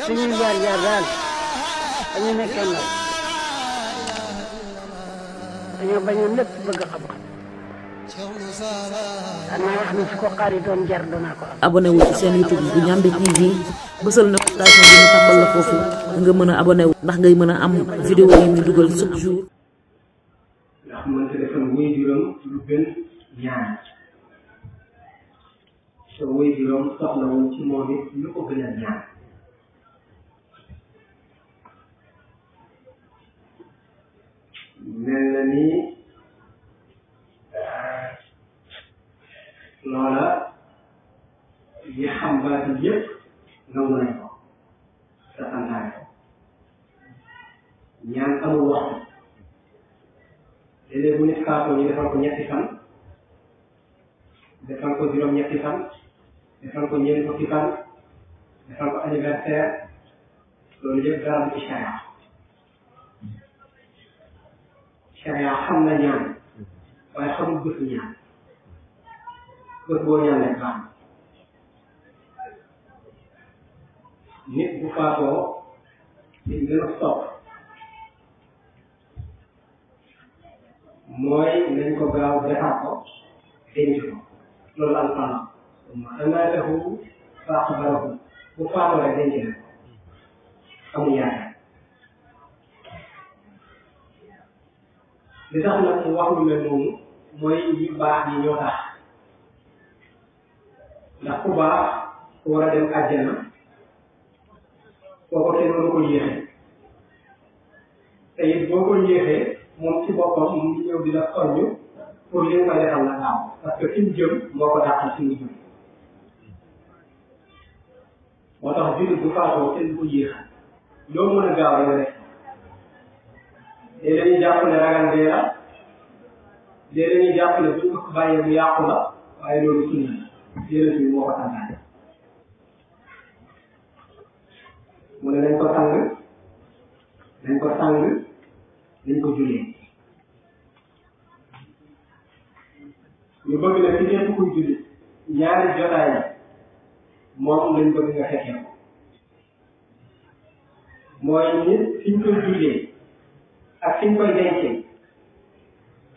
suñu jaar jaar daal dañu nekkee ndaw dañoo bañoon lépp bëgg xam-xam xanaa wax ni su ko yi doon jar doonaa ko am. abonné wu ci seen YouTube bu Ndiamé TV bësal na station bi nga mën a abonné ndax ngay mën a am vidéo yi ñu dugal chaque jour. mel na ni ah, loola yi xam baat yi yëpp nangu nañ ko te santaane ko ñaan amul waxtu léeg-léeg bu nit faatoo ñu defal ko ñetti fan defal ko juróom ñetti fan defal ko ñeent fukki fan defal ko anniversaire loolu yëpp dara du ci charia sharia xam na ñaan waaye xamul bëtu ñaan bët boo ñaan rek baax nit bu faatoo liñ gën a sopp mooy nañ ko gaaw defar ko denc ko loolu alfana ma danaa defu faax baraku bu faatoo rek denc na amu yaakaar li tax nag mu wax lu mel mooy ñu baax ñi ñoo tax ndax ku baax ku war a dem àjjana ko kenn waru te it boo ko yéexee moom ci boppam mu ngi ñëw di la soññ pour li nga ko defal la daaw parce moo ko dàqal fi mu moo tax jullit bu faatoo kenn ko yéex loo mën a gaaw rek léeg dañuy jàpp ne ragal dee la léeg dañuy jàpp ne suñ ko bàyyee bu yàqu la waaye loolu sunna la yonent bi moo ko santaane mu ne nañ ko sang nañ ko sang nañ ko jullee ñu bëgg ne fi ñëpp kuy julli ñaari jotaay yi moom lañ bëgg nga fekkee ko mooy nit fi ñu koy jullee ak fi ñu koy dencee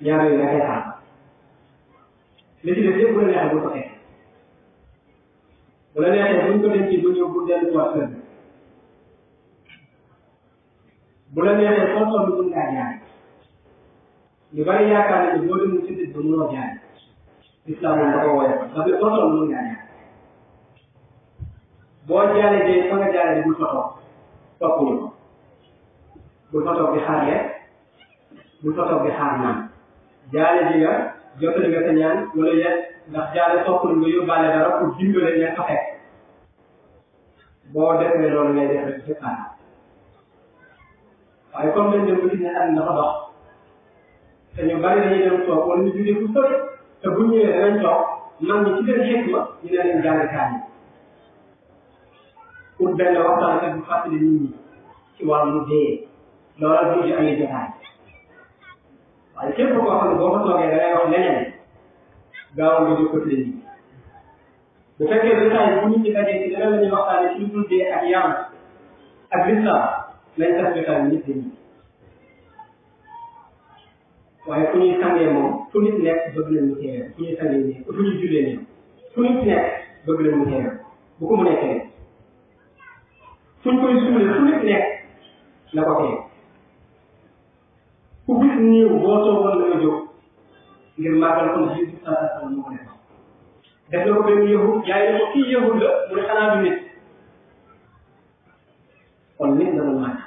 ñaar yooyu dafay xam li ci des yëpp bu la neexee bu ko fekkee bu la neexee bu ñu ko dencee bu ñëw bu delluwaat kër bu la neexee foo toll mën ngaa jaay ñu bari yaakaar nañu boo demul ci dëkk mënoo jaay islam moom dafa woyal parce que foo toll mën ngaa jaay boo jaale dee fa nga jaale bu fa toog topp ñu ko bu fa toog di xaar leen bul fa toog di xaar naan jaale ji nga jotali nga sa wala yet ndax jaale soppul nga yóbbaale dara pour dimbale ña fa fekk boo defee loolu ngay def rek sa waaye comme dañ dem ba gis ne ànd dafa dox te ñu bari dañuy dem toog wala ñu jugee fu sori te bu ñëwee danañ toog man ñi ci seen xikma ñu ne leen jàngkat yi pour benn waxtaan ak bu fàttali nit ñi ci wàllu dee loolal bu ñu ay jotaay waaye képp koo xam ne boo ko toogee da ngay wax leneen gaawal nga jóg ko ci bu fekkee résultat yi bu nit ñi dajee ci leneen la ñuy waxtaanee ci lu dul dee ak yàlla ak l'islam lañ tax jotaay nit ñi waaye fu ñuy sàngee moom fu nit nekk bëgg nañ mu teewee fu ñuy sàngee nii fu ñuy jullee nii fu nit nekk bëgg nañ mu teewee bu ko mënee teewee fu ñu koy suulee fu nit nekk na ko teewee ku gis nii boo soogoon da nga jóg ngir màggal ko ne Jésus sallallahu alayhi wa sallam moo ko def def na ko benn yahud yaay ne ko kii yahud la mu ne xanaa du nit kon nit la mu màgg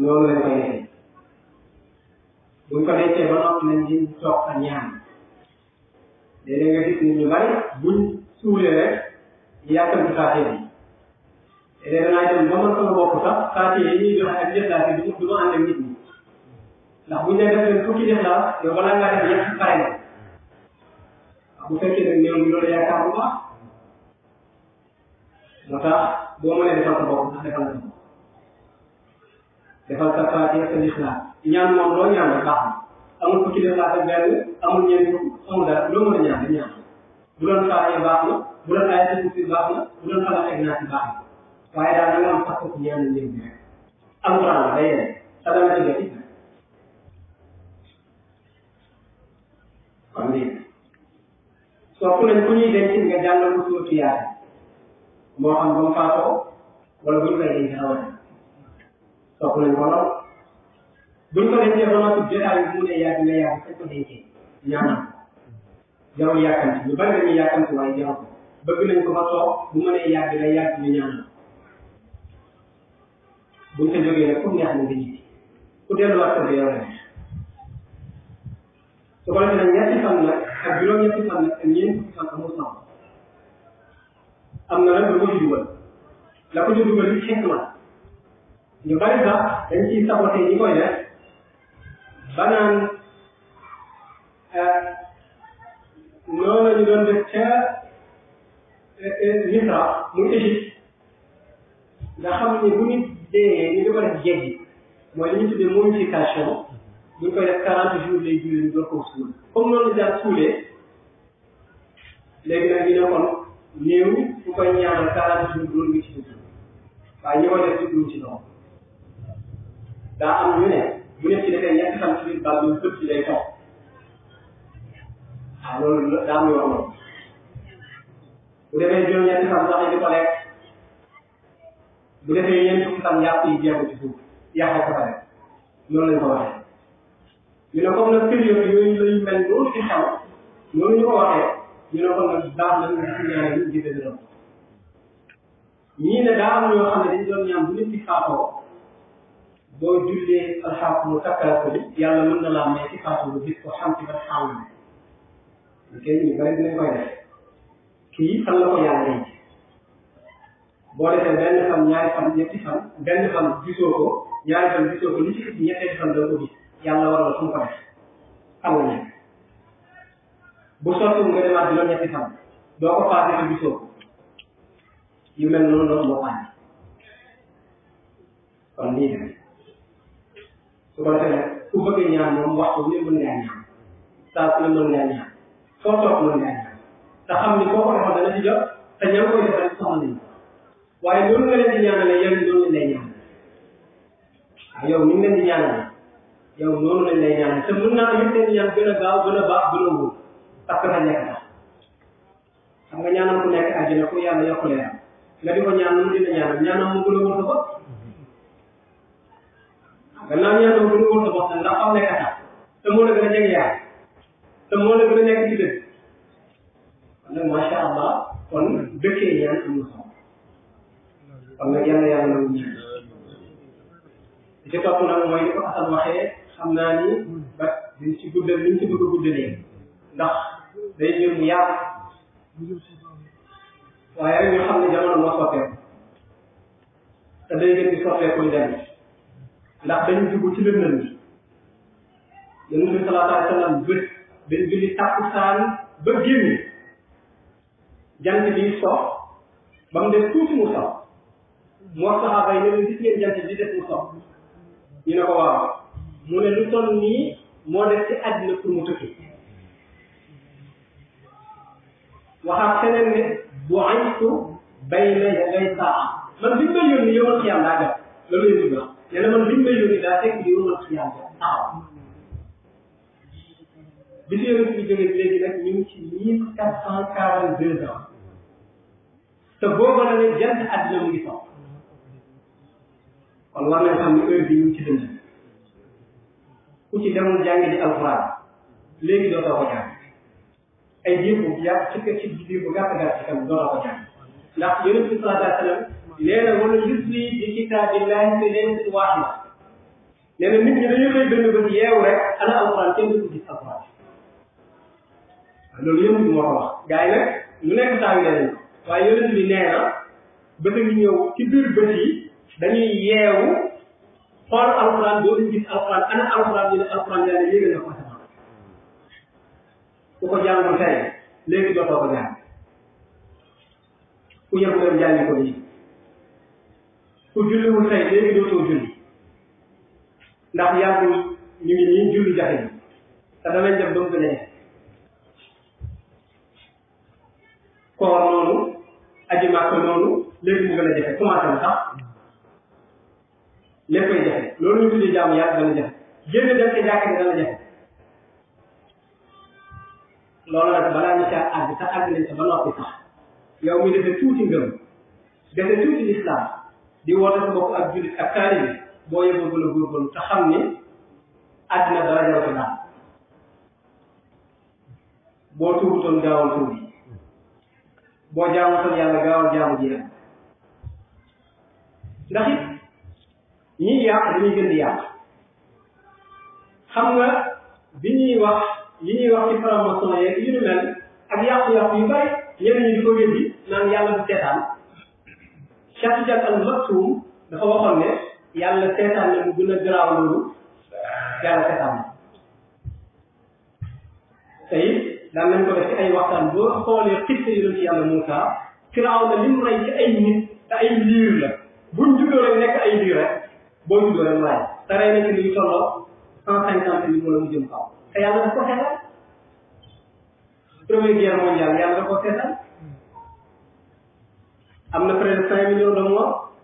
loolu lañ koy defee buñ ko dencee ba noppi nañ ci toog a ñaan léeg-léeg nga gis nit ñu bari buñ suulee rek yàkkam ci saa léegi naa dem ba man sama bopp sax fàttali yi ñuy joxe ak jëflaat yi du ma ànd ak nit ñi ndax bu ñu nee def leen fukki jëflaat yow balaa ngaa def yëpp pare na bu fekkee nag néew bi loolu yaakaar bu baax moo tax boo mënee defal sa bopp sax defal sa bopp defal sa fàttali sa jëflaat ñaan moom loo ñaan rek baax na amul fukki jëflaat ak benn amul ñeent amul dara loo mën a ñaan rek ñaan bu doon fàttali baax na bu doon ayati baax na bu doon xalaat ak naati baax na waaye daal da nga am fàttali ci yeneen njëriñ rek alxuraan la day dem te danga ci jot it nag kon lii soo ku leen ku ñuy denc nga jàngal ko suuratu Yaasin moo xam ba mu faatoo wala bu ñu koy denc rawatina soo ku leen ko lool bu ñu ko dencee ba noppi jotaay bi mu ne yàgg nga yàgg sañ ko dencee ñaanal jarul yàkkanti ñu bari dañuy yàkkanti waaye jarul bëgg nañ ko ba toog bu mënee yàgg day yàgg ñu ñaanal buñ ko jógee nag pour neex na nga ji ku delluwaat ko bi yow rek su ko defee nag ñetti fan nag ak juróom-ñetti fan nag ak ñeenti fan amul sens am na nag lu ko ci dugal la ko ci dugal ci xikma ñu bari sax dañ ciy saboté ñi koy def ba naan ah, noonu la ñu doon def ca eh, eh, Misra muy Égypte nga xam ne bu nit te li ñu ko def jéggi mooy li ñu tuddee momification bu ñu koy def quarante jours lay julli ñu door ko suul comme noonu ñu daan suulee léegi nag ñu ne kon néew ku koy ñaanal quarante jours loolu ngi ci dugg waaye ñi koy def dugg ci doom daa am ñu ne bu nekk ci defee ñetti xam ci biir bal bi ñu ci lay toog waaw ah, loolu daa am yoon bu defee juróom ñetti xam sax di ko lekk bu defee ñeent fukki fan yàpp yi jeexu ci suuf yàqoo ko fa rek loolu lañ ko waxee ñu ne comme nag période yooyu lañu mel noonu ci xew noonu ñu ko waxee ñu ne kon nag baax na ñu ci ñaare ñu jiite dërëm ñii ne daa am ñoo xam ne dañu doon ñaan bu nit ci faatoo boo jullee alxaq mu takkala ko bi yàlla mën na laa may ci faatoo bu gis ko xam ci ba xaamu ne ok ñu bëri dinañ koy def kii fan la ko yàlla denc boo defee benn fan ñaari fan ñetti fan benn fan gisoo ko ñaari fan gisoo ko li ci ëpp ñetti fan doo ko gis yàlla waral fu mu ko def amul nekk bu sottiwul nga demaat juróom ñetti fan doo ko passé te gisoo ko yu mel noonu noonu moo ànd kon nii la su ko defee nag ku bëgg ñaan moom waxtu bu ne mën ngaa ñaan saa su ne mën ngaa ñaan foo toog mën ngaa ñaan te xam ni koo ko defoon dana ci jot te ña nga koy defal soxla nañu waaye loolu nga leen di ñaanale yow it noonu lañ lay ñaan ah yow ni nga leen di ñaanale yow noonu lañ lay ñaanale te mën naa yëpp leen ñaan gën a gaaw gën a baax gën a wóor parce que nekk na xam nga ñaanal ku nekk àjjana ku yàlla yokk leer nga di ko ñaan nu mu dina ñaanal ñaanal mu gën a wóor sa bopp gannaaw ñaanal mu gën a wóor sa bopp ndax aw nekk tax te moo la gën a jege yaay te moo la gën a nekk ci dëkk kon nag macha allah kon dëkkee ñaan am na solo kon nag yàlla yàlla na mu jiw li ci topp nag mooy li ko Assane waxee xam naa ni ba liñ ci guddal liñ ci bëgg a guddalee ndax day ñëw mu yaatu waaye rek ñu xam ne jamono moo soppeeku te day gën di soppeekuy dem ndax dañu dugg ci lëndëm bi yonent bi sallallahu alayhi wa sallam bët dañ julli takkusaan ba génn jant bi sox ba mu des tuuti mu sax moo saxaaba yi ne leen gis ngeen jant bi def mu sopp ñu ne ko waaw mu ne lu toll nii moo def ci àddina pour mu tukki waxaat feneen ne bu aytu bayna yaday saa man bi ma yónni yomal xiyam daa def loolu yëpp la ne la man bi ma yónni daa fekk yomal xiyam daa taxaw bi si yonent bi jógee léegi nag ñu ngi ci mille quatre cent quarante deux ans te boobu la ne jant àddina mu ngi sopp kon war nañ xam ne heure bi ñu ci dënd ku ci demoon di alxuraan léegi dootoo ko jàng ay jéego yaa ci kër ci biir bu gàtt gàtt ci kam dootoo ko jàng ndax yonent bi sallallahu alayhi wa sallam nee na wala yusri bi kitaabillahi te leen si waax na nee na nit ñi dañu lay bënn bët yeewu rek ana alxuraan kenn du gis alxuraan loolu yëpp moo ko wax gars yi ne leen waaye yonent bi nee na bët a ngi ñëw ci biir bët yi dañuy yeewu xool alxuraan doo leen gis alxuraan ana alxuraan ñu ne alxuraan yàlla yéegal na ko asamaan ku ko jàngul tey léegi dootoo ko jàng ku yëngu leen jàngi ko nii ku julliwul tey léegi dootoo julli ndax yàggul ñu ngi nii julli jafe yi te danañ def doomu gën a koor noonu aji màkk noonu léegi mu gën a jafe commencé na léppay jafe loolu ñu tuddee jaamu yàlla dana jafe génn dem ci jàkka ji dana jafe loolu nag balaa ñu caa àgg sax àgg nañ sa ba noppi sax yow mi defee tuuti ngëm defee tuuti lislaam di woote sa bopp ak jullit ak taalibi boo yëgoo gën a góorgóorlu te xam ni àddina dara ñoo ko daal boo tuubutoon gaawal tuubi boo jaamutoon yàlla gaawal jaamu ji ndax it ñiy yàq dañuy gën di xam nga bi ñuy wax li ñuy wax ci franc-maçon yeeg yu ñu mel ak yàqu-yàqu yu bari ñeneen ñi di ko wéddi naan yàlla du seetaan Cheikh Tidiane Al Maktoum dafa waxoon ne yàlla seetaan la mu gën a garaaw loolu yàlla seetaan la tey daan nañ ko def ci ay waxtaan boo xoolee xiste yu doon ci yàlla Moussa Firaaw na li mu rey ci ay nit te ay liir la buñ juddoo rek nekk ay liir rek boo juddoo rek waaye te rey na ci li ñu tolloo cent cinquante mille wala mu jëm kaw te yàlla daf ko seetal première guerre mondiale yàlla daf ko seetal am na près de cinq millions de morts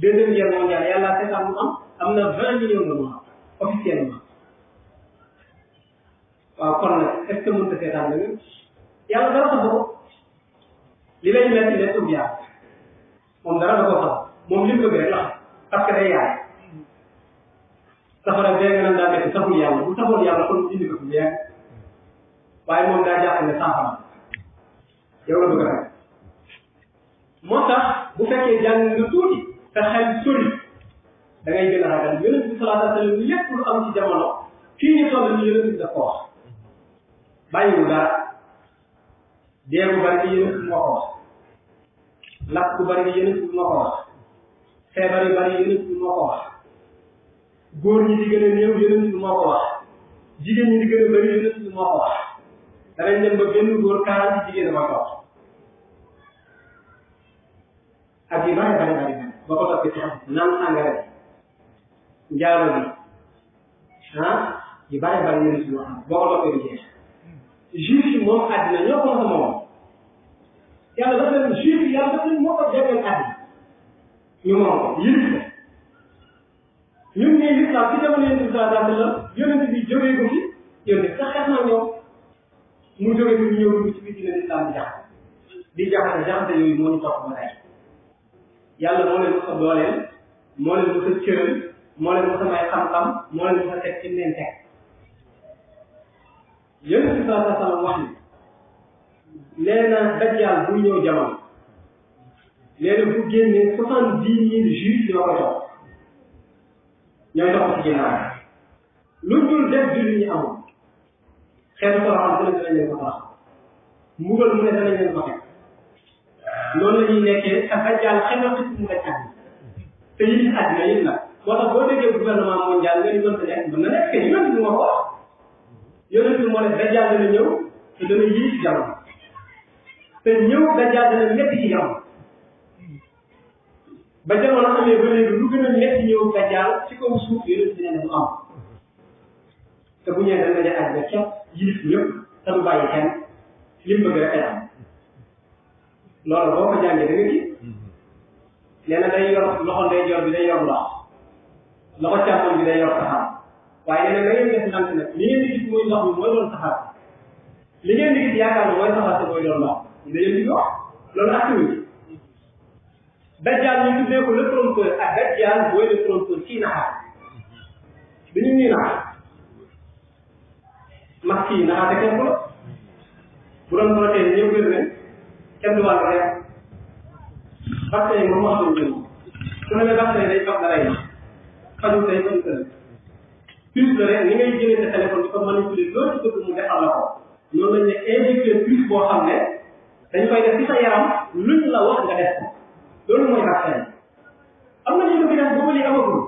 deuxième guerre mondiale yàlla seetal mu am am na vingt millions de morts officiellement waaw kon nag est ce que mënut a seetaan da ngeen yàlla dara ko soxla li lay metti ne suuf yaa moom dara da ko soxla moom li mu bëgg rek la parce que day yaay. safara bee nga daa def saful yàlla bu saful yàlla kon indi ko fi waaye moom daa jàpp ne saafara yow la bëgg rek moo tax bu fekkee jàng lu tuuti te xel sori da ngay gën a ragal yonent bi sallallahu alayhi wa sallam lépp lu am ci jamono fii ñu toll ni yonent bi daf ko wax bàyyiwul dara dee bu bari ni yonent bi moo ko wax lakk bu bari ni yonent bi moo ko wax feebar yu bari yonent bi moo ko wax góor ñi di gën a néew yonent bi moo ko wax jigéen ñi di gën a bëri yonent bi moo ko wax danañ dem ba benn góor quarante jigéen moo ko wax ak yu bari bari bari ba ko topp ci xam naan engrais njaalo bi ah yu bari bari yonent bi moo xam boo ko toppee du jeex juif yi moom àddina ñoo ko mos a moom yàlla dafa leen juif yi yàlla dafa leen moo ko jagleel àddina ñu moom ko yëlif ko ñun ñii lislaam ci jamono yonent bi sallallahu alayhi wa sallam yonent bi jógee ko fi yonent sax xeex na ñoom mu jógee ko fi ñëw dugg ci biir dina lislaam di jaxase di jaxase jaxase yooyu moo ñu topp ba tey yàlla moo leen mos a dooleel moo leen mos a cëral moo leen mos a may xam-xam moo leen mos a teg ci leen teg yonent bi sallallahu alayhi wa sallam wax ni nee na dajjaal buy ñëw jamono nee na bu génnee soixante dix mille juifs ñoo ko jox ñooy dox ci ginnaaw lu dul def julli ñi amul xeetu toroxal bu ne danañ ko tax mbugal mu ne danañ leen ko teg loolu la ñuy nekkee ak ajjal xemal xis mu nga cànni te yi gis àddina yëpp nag moo tax boo déggee gouvernement mondial nga ni mën ta nekk mën na nekk yi mën nga ko wax yonent bi te dana yii ci jamono te ñëw dajjal dana ba jamono amee ba léegi lu gën a métti ñëw nga jaar ci kaw suuf yéen dina ne du am te bu ñëwee dañ la def àgg ba képp yilif ñëpp te du bàyyi kenn lim bëgg rek ay am loolu boo ko jàngee da nga gis nee na day yor loxo ndeyjoor bi day yor ndox loxo càmmoñ bi day yor saxaar waaye nee na da ngeen def ndànk nag li ngeen di gis mooy ndox mi mooy doon saxaar li ngeen di gis yaakaar ne mooy saxaar te mooy doon ndox da ngeen di wax loolu activité dajjal ñu tuddee ko le trompeur ak dajjal mooy le trompeur kii naxaat bi ñu nii naxaat ndax kii naxaate kenn ku la bu doon nootee ñëw gën ne kenn du wàll rek vaccin yi moom wax nañu gën su ne vaccin yi day fab da rey fajul day fajul tëdd puce la rek ni ngay jëlee sa téléphone ko manipuler loo ci bëgg mu defal la ko noonu lañ ne injecté puce boo xam ne dañ koy def ci sa yaram luñ la wax nga def ko loolu mooy vaccin am na ñu ko fi def boobu léegi amagul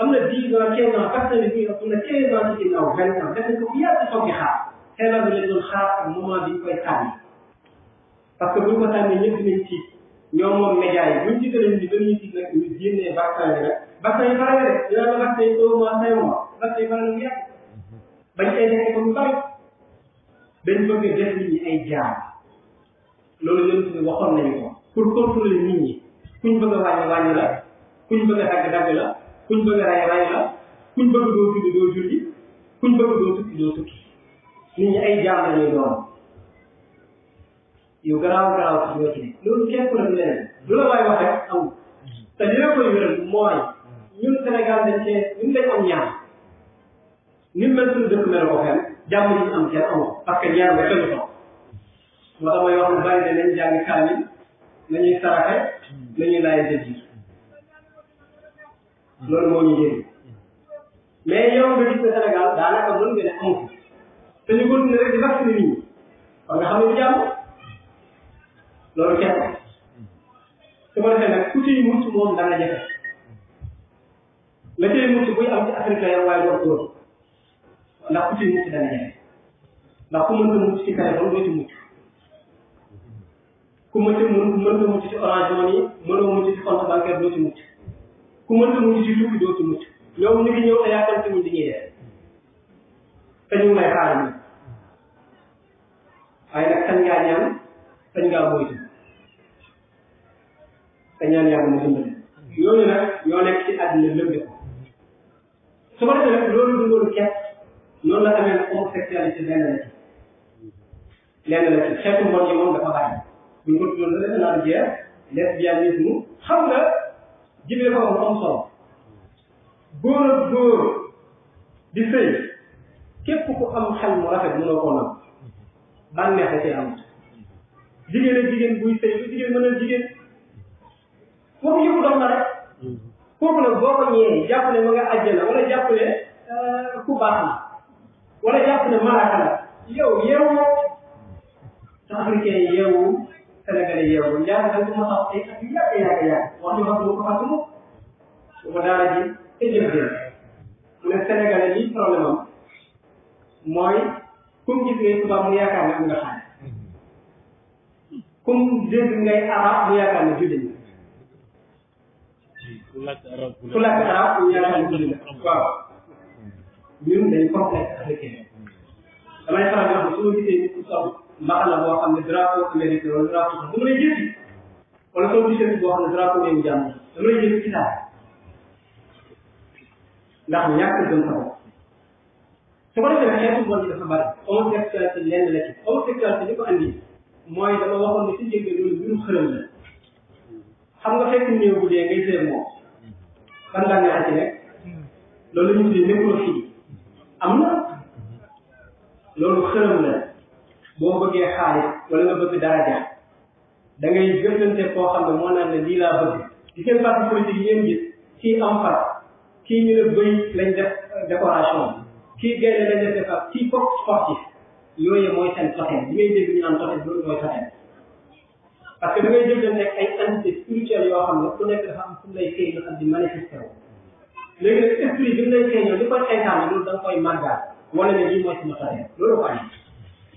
am na dix ans quinze ans vaccin bi bii am na quinze ans ci ginnaaw vingt ans def nañ ko bu yàgg toog di xaar feebar bi lañ doon xaar ak moment bi ñu koy sànni parce que bu ñu ko sànnee ñëpp nañ ci ñoom moom média yi buñ ci gën a ñu dañuy gis nag ñu génnee vaccin bi nag vaccin yi pare na rek dinaa la vaccin yi au moins cinq mois vaccin yi pare na mu yàgg bañ ay nekk ko mu bari dañ bëgg def nit ñi ay jaar loolu yëpp waxoon nañu ko pour contrôler nit ñi kuñ bëgg a wàññi wàññi la kuñ bëgg a dagg dagg la kuñ bëgg a ray ray la kuñ bëgg doo julli doo julli kuñ bëgg doo tukki doo tukki nit ñi ay jaam lañuy doon yu garaaw garaaw sax ñoo ci ne loolu kenn ku ne leneen lu la waay wax rek amul te li la koy wéral mooy ñun Sénégal dañ cee ñun dañ am ñaar ni mu mel suñu dëkk mel ko fenn jàmm yi am kenn amul parce que ñaar ba kenn toog moo tax may wax lu bari ne nañ jàngi kaamil na ñuy saraxe na ñuy laajante ji loolu moo ñu jëriñ mais yow nga gis ne Sénégal daanaka loolu nga ne amu fi te ñu continuer rek di vacciner nit ñi kon nga xam ne du jàmm loolu kenn su ko defee nag ku ciy mucc moom dana jafe la cay mucc buy am ci africain waaye du am góor ndax ku ciy mucc dana jafe ndax ku mënta mucc ci kare ba mu ci mucc. ku mënta mën mënta mucc ci orange money mënoo mucc ci compte bancaire ku mënta mucc ci tukki doo ci mucc ñoom ñu ngi ñëw te yaakaar ci ñu di ñuy dee te ñu ngi lay xaar ñu waaye nag sañ ngaa ñaan sañ ngaa moytu nekk ci àddina lëmbe ko su ko defee nag loolu du loolu kepp noonu la amee homosexualité lenn la ci lenn mbon yi moom dafa bari ñu ngi ko tuddee la leen naan jeex lesbianisme xam nga jibee ko mu am solo góor ak góor di sëy képp ku am xel mu rafet mënoo koo nam bànneex da cee am jigéen ak jigéen buy sëy lu jigéen mën a jigéen foofu yëpp dox na rek kooku nag boo ko ñëwee jàpp ne ma nga àjjana wala jàpp ne euh, ku baax na wala jàpp ne malaaka la yow yeewu africain yeewu Sénégalais yeewul ñaari dëkk moo tax ay at yu yàgg yàgg yàgg wax ñu wax lu ko fàtte mukk su ko daara ji tëjël jël mu ne Sénégalais lii problème am mooy kum gis ngay tubaab mu yaakaar ne am nga xaalis kum dégg ngay arab mu yaakaar ne jullit nga ku làkk arab ku làkk arab mu yaakaar ne jullit nga waaw ñun dañ complexe africain damay faral di wax ne su ma gisee nit ku saw max la boo xam ne drapeau Amérique wala drapeau bu mën a jëndi wala soo gisee boo xam ne drapeau réewu jàmm dama lay jënd ci saa ndax ñàkk gëm sa bopp su ko defee xeetu bon yi dafa bari homosexualité lenn la ci homosexualité li ko andi mooy dama waxoon ne si njëkk loolu mbirum xërëm la xam nga fekk néew bu dee ngay seet moom ban laa nga ci nekk loolu ñu tuddee nécrophilie am na loolu xërëm la boo bëggee xaalis wala nga bëgg daraja da ngay jëflante koo xam ne moo naan ne lii laa bëgg ci seen parti politique yi ngeen gis kii am fas kii ñu ne bëy lañ def décoration kii gaynde lañ def defar kii foog sportif yooyu mooy seen toxin li ngay dégg ñu naan toxin loolu mooy toxin parce que da ngay jëflante ak ay entité spirituelle yoo xam ne ku nekk dafa am fu mu lay këy ñu xam di manifesté wu léegi nag esprit bi mu lay këy ñëw li koy xeexaane loolu da nga koy màggal wala ne lii mooy sama toxin loolu ko am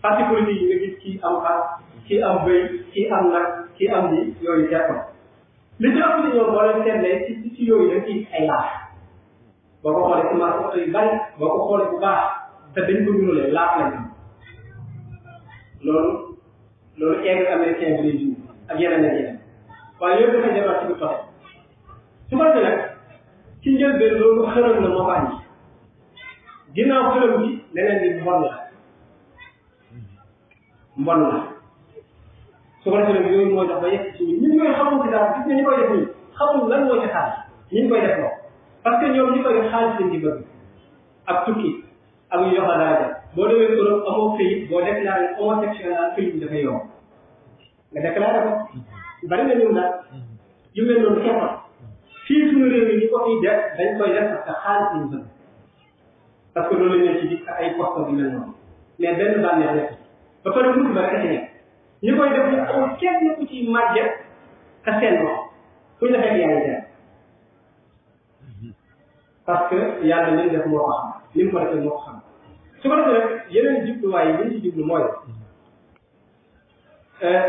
parti politique yi nga gis kii am xar kii am bëy kii am nag kii am lii yooyu teekam li ci am ni ñoom boo leen seetlee ci ci yooyu da ciy ay laaf boo ko xoolee ci marché baax te dañ ko ñunulee laaf lañ am loolu loolu aigle américain bi lay jiw ak yeneen ak yeneen waaye yooyu dafay demaat ci biir côté su ko defee nag ci njëlbeen loolu xëram na mbon la su ko defee nag yooyu mooy tax ba yegg ci ñun ñun ñooy xamul ci dara gis nga ñu koy def nii xamul lan moo ci xaalis ñu koy def loo parce que ñoom ñu koy def xaalis lañ di bëgg ak tukki ak yu yoxa daaja boo demee Europe amoo këyit boo déclaré homosexuel këyit bi dafay yomb nga déclaré ko bari na ñun daal yu mel noonu képp fii suñu réew mi ñu ko fiy def dañ koy def parce que xaalis lañ bëgg parce que loolu lañ leen ci gis ak ay poste bi mel noonu mais benn bànneex nekk ba pare mucc ba rek a ñu koy def ñu amul kenn ku ci màgget te seen moom la fekk yaa ngi dem parce que yàlla li mu def moo xam li mu ko defee moo xam su ko defee rek yeneen jubluwaay yi ñu ci jublu mooy euh,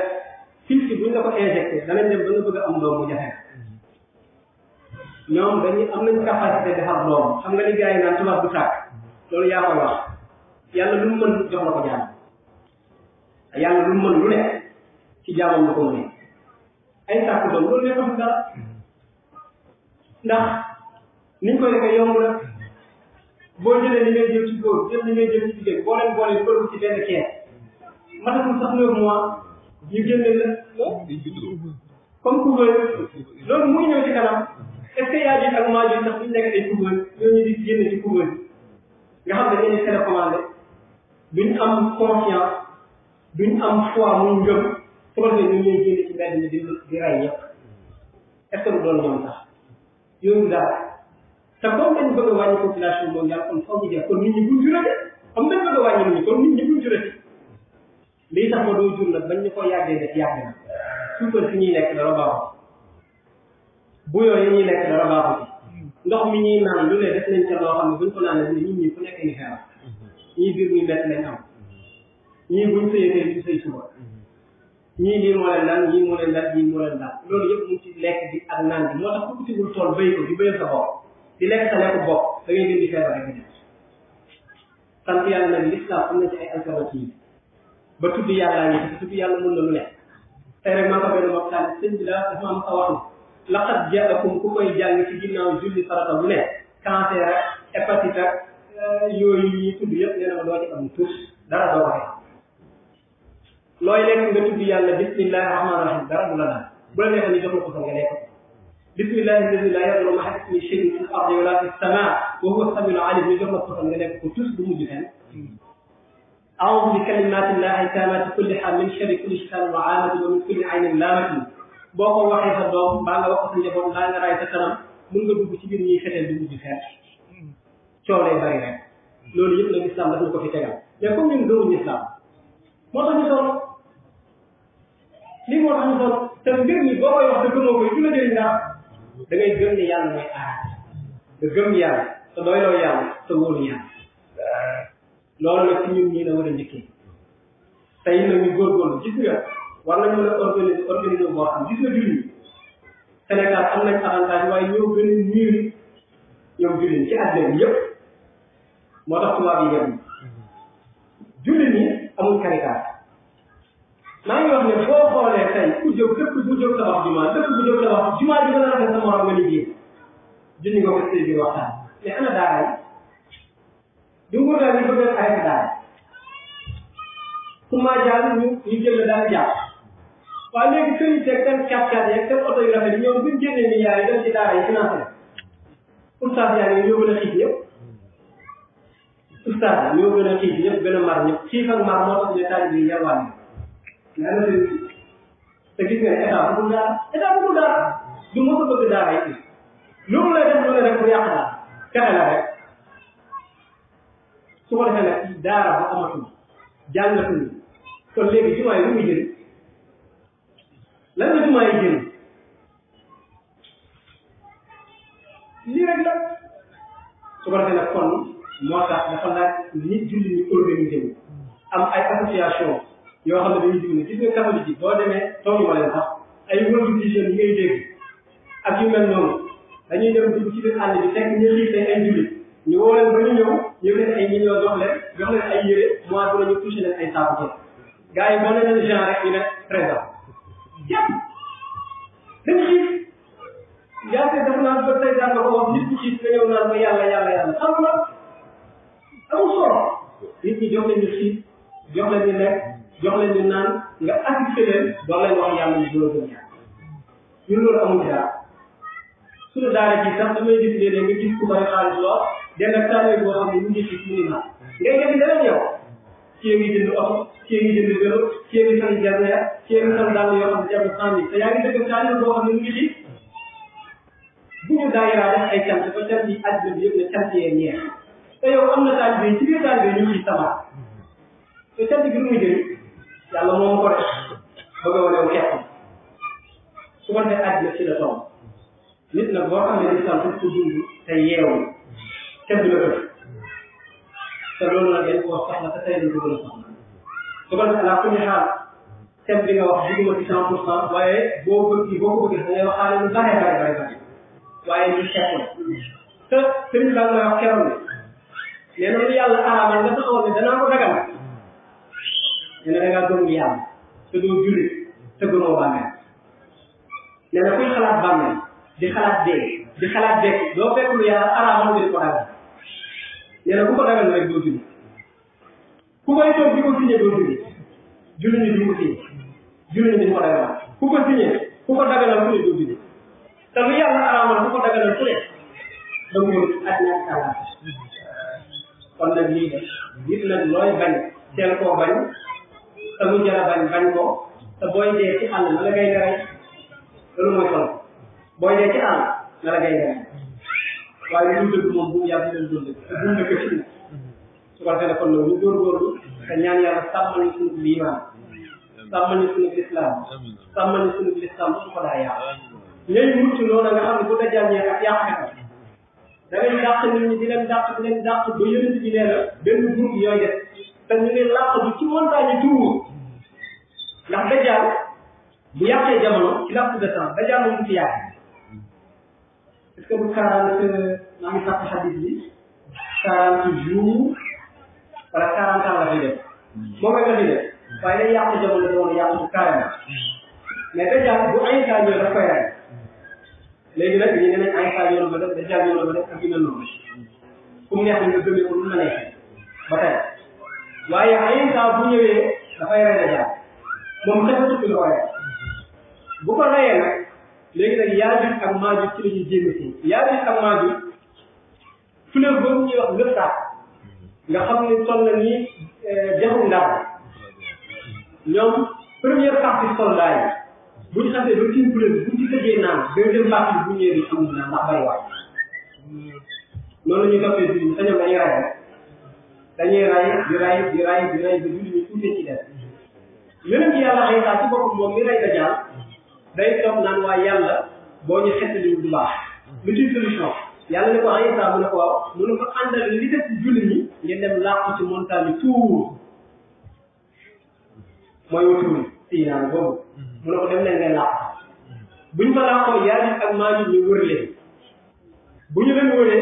fil si bu ñu la ko injecté danañ dem ba nga a am doom bu jafe ñoom dañuy am nañ capacité defar doom xam loolu yaa koy wax yàlla lu mën jox ko jàmm. te yàlla lu mën lu ne ci jaamam la ko mënee ay sàkku doom loolu nekkul ci dara ndax niñ ko defee yomb na boo jëlee li ngay jël ci góor jël li ngay jël ci jigéen boo leen boole bëri ci benn kees matatul sax neuf mois ñu génne la comme couveur loolu muy ñëw ci kanam est ce que yaa ji ak maa ji sax bu ñu nekk ay couveur ñooñu di génne ci couveur nga xam ne dañuy télécommandé duñ am confiance duñ am foi muy ngëm su ko defee ñu leen génne ci mbedd mi di di rey ñëpp est-ce que lu doon ñoom sax yooyu daal te comme dañ bëgg a wàññi population mondiale kon faw ñu jël kon nit ñi buñ jurate am nañ bëgg a wàññi nit ñi kon nit ñi buñ jurate lii tax ma doo jur nag bañ ñu ko yàggee def yàgg na suufal si ñuy lekk dara baaxul bu yooyu ñuy lekk dara baaxul ndox mi ñuy naan lu ne def nañ ca loo xam ne buñ ko naanee nit ñi ku nekk ni xeeram ñii biir muy métti lañ am ñii buñ sëyee tey du sëy suba ñii lii moo leen dal ñii moo leen dal ñii moo leen dal loolu yëpp mu ci lekk bi ak moo tax ku utiwul tool béy ko di béyal sa bopp di lekk sa lekk bopp da ngay gën di feebar rek di sant yàlla nag lislaam am na ci ay alternatives ba tudd yàllaa ngi ci tudd yàlla mën na lu nekk tey rek maa ko benn waxtaan sëñ bi daal dafa am sa wax ni laqad jaakum ku koy jàng ci ginnaaw julli farata bu nekk cancer ak hépatite ak euh, yooyu yi tudd yëpp nee na ma doo ci am tuus dara doo waxee loy lek nga tudd yàlla bismillahi rahmaani rahim dara du la naan bu la neexee ni jox ko sax nga lekk bismillahi alladi la yadru ma'a ismi shay'un fi al-ardi wala fis samaa wa huwa as-samiu alim ni jox ko sax nga lek ko tous du mujj fenn أعوذ بكلمات الله التامات كلها من شر كل شيطان وعامة ومن كل عين لامة boo ko waxee sa doom mbaa nga wax ko sa njaboot mbaa nga ray ta karam mu nga dugg ci bir ñi xetel di mujj fenn coow lay bari rek loolu yëpp la islam da ko fi tegal mais comme ñun gëmuñu islam moo tax ñu sonn lii moo tax ñu solo te mbir mi boo koy wax te gëmoo koy du la jëriñ dara da ngay gëm ni yàlla mooy aar nga gëm yàlla te doyloo yàlla te wóolu yàlla loolu nag ci ñun ñii la war a njëkkee tey nag ñu góorgóorlu gis nga war nañu mën a organiser organiser boo xam gis nga jullit Sénégal am nañ avantage waaye ñoo gën a miir ñoom jullit ci àddina bi yëpp moo tax tubaab yi yem mm-hmm. jullit ñi amul caricature maa ngi wax ne foo xoolee tey ku jóg dëkk bu jóg tabax jumaa dëkk bu jóg tabax jumaa bi gën a rafet sa morom nga liggéey junni nga ko sëy bi waxtaan mais ana daara yi jungur daal ñu bëgg ay daara ku maa jaar ñu ñu jël daal jaar waaye léegi sëñ yi teg seen quatre-quatre yeeg seen oto yu rafet yi ñoom buñ génnee milliards yi dem ci daara yi financé oustaz yaa ngi ñoo gën a xiif ñëpp oustaz ñoo gën a xiif ñëpp gën a mar ñëpp xiif ak mar moo tax ne taalibe yi yalwaan yàlla lay déglu te gis nga état bëggul dara état bëggul dara du mos a bëgg dara it lu mu lay def lu ne rek mu yàq daal fexe la rek su ko defee nag daara ba amatul jàngatul kon léegi jumaa yi lu muy jëriñ lan la jumaa yi jëriñ lii rek la su ko defee nag kon moo tax dafa laaj nit julli ñu organiser wu am ay association yoo xam ne dañuy dig ne ci biir catholique yi boo demee toog ma leen sax ay wëllu ci jeunes yi ngay dégg ak yu mel noonu dañuy dem dugg ci biir àll bi fekk ñu xiif ay jullit ñu woo leen ba ñu ñëw yëkkati ay millions jox leen jox leen ay yére mois bu la ñu touché leen ay saaku ceeb gars yi boo nee leen genre rek ñu ne présent jàpp dañu xiif yaakaar dafa naan ba tey daan nga ko wax nit ñi xiif nga ñëw naan ba yàlla yàlla yàlla xam nga amul solo nit ñi jox leen ñu xiif jox leen ñu lekk jox leen ñu naan nga assisté leen doon leen wax yàlla ñu loolu ñaan ñun loolu amul dara suñu daara ji sax damay gis léeg-léeg nga gis ku may xaalis lool denn ak saa boo xam ne ñu ngi ci suñu naan ngay gis dara ñëw kii ngi jënd oto kii ngi jënd vélo kii ngi sol jardin kii ngi sol dàll yoo xam ne jarul cent mille te yaa ngi dëkk saa boo xam ne ñu ngi ci bu ñu daayiraa def ay cant ba cant yi àdduna bi yëpp ne cant yee neex te yow am na taalibe yi ci biir taalibe yi ñu ngi ci sama te cant gi lu muy jëriñ yàlla moom ko def bëgg a wane wu xeexam su ko defee àddina ci nit nag boo xam ne lislam dañ ko dund te yeewu kenn la def te loolu nag dañ a wax dugguma ci cent pour cent waaye boo bëgg boo ko bëggee da ngay te sëriñ Ba nga wax keroon ne nee na lu yàlla araamal nga taxawoon ne danaa ñu ne da ngaa gëm yàlla te doo jullit te gëmoo bàmmeel nee na kuy xalaat bàmmeel di xalaat dee di xalaat dee doo fekk lu yàlla araamal nga di ko dagal nee na ku ko dagal rek doo jullit ku koy toog di ko signé doo jullit jullit ñi duñ ko signé jullit ñi duñ ko dagal ku ko signé ku ko dagalal ku ne doo jullit te lu yàlla araamal ku ko dagalal ku ne doo mën ak ñàkk xalaat kon nag lii nit nag looy bañ teel koo bañ te mu jar a bañ bañ ko te booy dee ci àll na la ngay rey loolu mooy xol booy dee ci àll na la ngay rey waaye lu dëgg moom bu yàgg leen dund te dund ko ci su ko defee ne kon loolu ñu góorgóorlu te ñaan yàlla sàmmal ñu sunu liimaan sàmmal ñu sunu lislaam sàmmal ko daa yàq ngay nga xam ne bu dajàññee ak yàqetam da ngay dàq nit ñi di leen dàq di leen dàq ba yonent bi nee na benn groupe yooyu def te ñu ne làq bi ci montagne tuur ndax dajjaal bu yàqee jamono ci laps de temps dajjaal moom ci yàq est-ce que bu quarante maa ngi fàtte xadis bi quarante jours wala quarante ans moom rek la fi def waaye day yàq jamono jamono yàq bu ay saa ñëw daf koy rey léegi ne nañ ay saa ñëw ba def dajjaal ñëw ba def ak yu mel noonu ku mu neex nga gëmee ko lu la neexee ba tey dafay rey dajjaal moom xeetu ci looyee bu ko reyee nag léegi nag yaajuj ak maajuj ci la ñuy jéem a suuf yaajuj ak maajuj fleuve boobu ñuy wax Eufrate nga xam ne toll na ni eh, dexu Ndar ñoom première partie soldat yi bu ñu xasee ba tiim fleuve bu ñu ci tëjee naan deuxième partie bu ñëwee di amul naan ndax bariwaay loolu la ñuy toppee bi ñu sañoon dañuy rey dañuy rey di rey di rey di rey ba julli ñu tuuti ci def yonent yàlla Iisaa ci boppam moom mi rey dajaal day toog naan waa yàlla boo ñu xettali bu baax lu ci solution yàlla ne ko Iisaa mu ne ko mu ne ko àndal li def ci jullit ñi ngeen dem làqu ci montagne Tuur mooy wa Tuur Siinaa boobu mu ne ko dem leen ngeen làqu buñ fa làqoo Yaajuuj ak Maajuuj ñu wër leen bu ñu leen wëree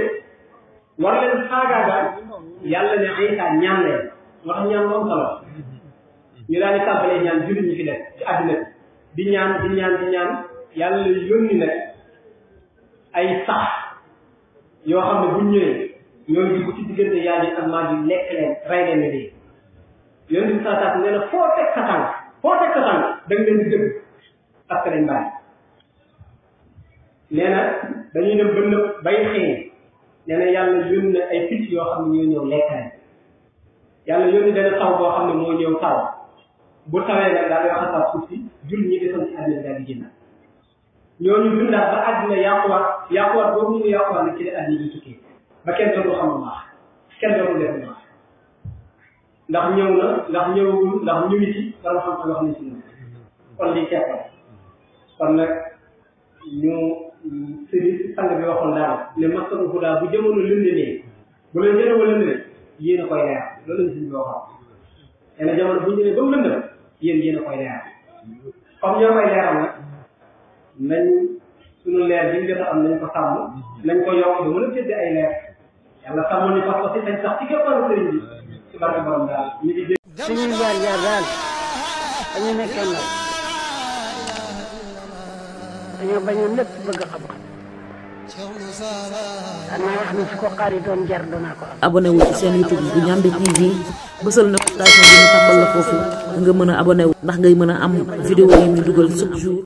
war leen faagaagal yàlla ne Iisaa ñaan leen moo tax ñaan moom solo ñu daal di tàmbalee ñaan jullit ñi fi nekk di ñaan di ñaan di ñaan yàlla yónni nag ay sax yoo xam ne buñ ñëwee ñooñu dugg ci diggante yaa ji ak maa ji lekk leen rey leen ne dee yonent bi saa nee na foo teg sa tànk foo teg sa tànk da nga na dañuy bay xëy nee na yàlla na ay picc yoo xam ne ñoo ñëw lekk leen yàlla yónni benn taw boo xam ne moo ñëw bu tawee nag daal yoo xasaat suuf si jur ñi desoon ci àddina daal di génnaat ñooñu boobu ñu ngi yàquwaat nag ci la àddina di ndax ñëw na ndax ñu ngi ci dara xam xam wax nañ si ñun kon lii teppal kon ne bu jamono lënd nee bu leen jëlee wala lënd yéen a koy leer loolu lañ si ñu nee na jamono bu ñu demee ba mu lëndëm yéen yéen a koy leeral comme ñoo koy leeral nag nañ suñu leer bi ñu jot a am nañ ko sàmm nañ ko yokk ba mën a sédd ay leer yàlla sàmm ni fas ko si sañ sax ci képpaaru sëriñ bi ci barke borom daal ñu di dégg suñuy jaar jaar daal dañu nekkoon nag dañoo bañoon lépp dana wax ni su ko xaritoon jar seen YouTube bu Ndiamé TV bësal notification bi ñu nga mën a abonné ndax ngay mën a am vidéo yi ñu dugal chaque jour.